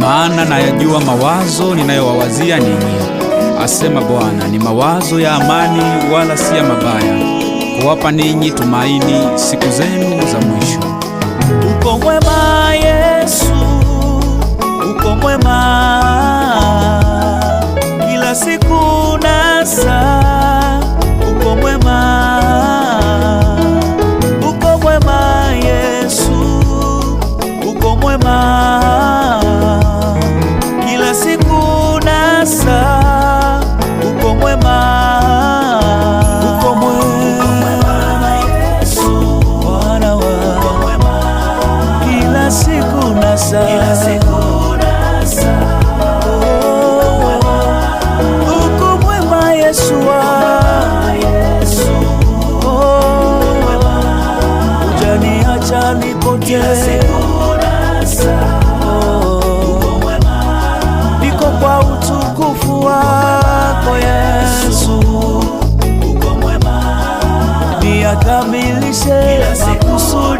maana nayajua mawazo ninayowawazia ninyi, asema Bwana, ni mawazo ya amani, wala si ya mabaya, kuwapa ninyi tumaini siku zenu za mwisho. Uko mwema Yesu, uko mwema kila siku na saa ukamilishe makusudi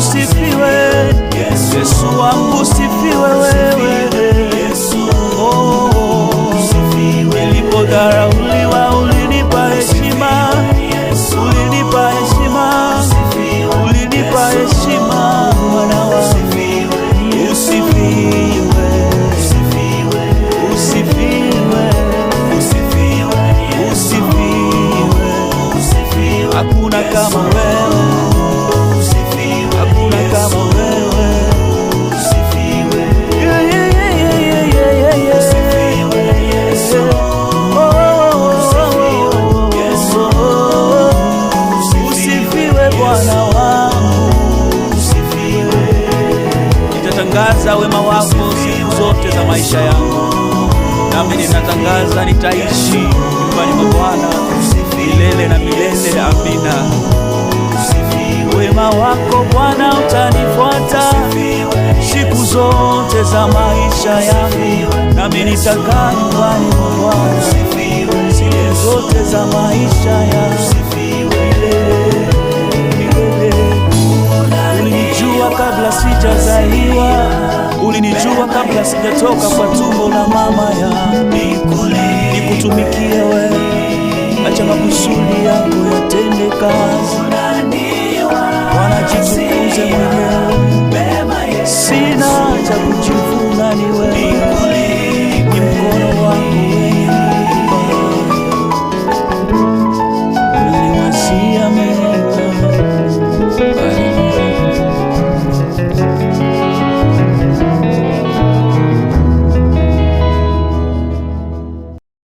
usifiwe, Yesu wangu usifiwe wewe. Oh, nilipodharauliwa ulinipa heshima, ulinipa heshima, ulinipa heshima, Bwana wangu usifiwe. Hakuna kama wewe nami ninatangaza nitaishi nyumbani mwa Bwana milele na milele. Amina. Wema wako Bwana utanifuata siku zote za maisha yangu, nami nitakaa nyumbani mwa Bwana siku zote za maisha yangu. Ulijua kabla sijazaliwa ulinijua kabla sijatoka kwa tumbo la mama ya nikutumikie wewe, acha makusudi yako yatende kazi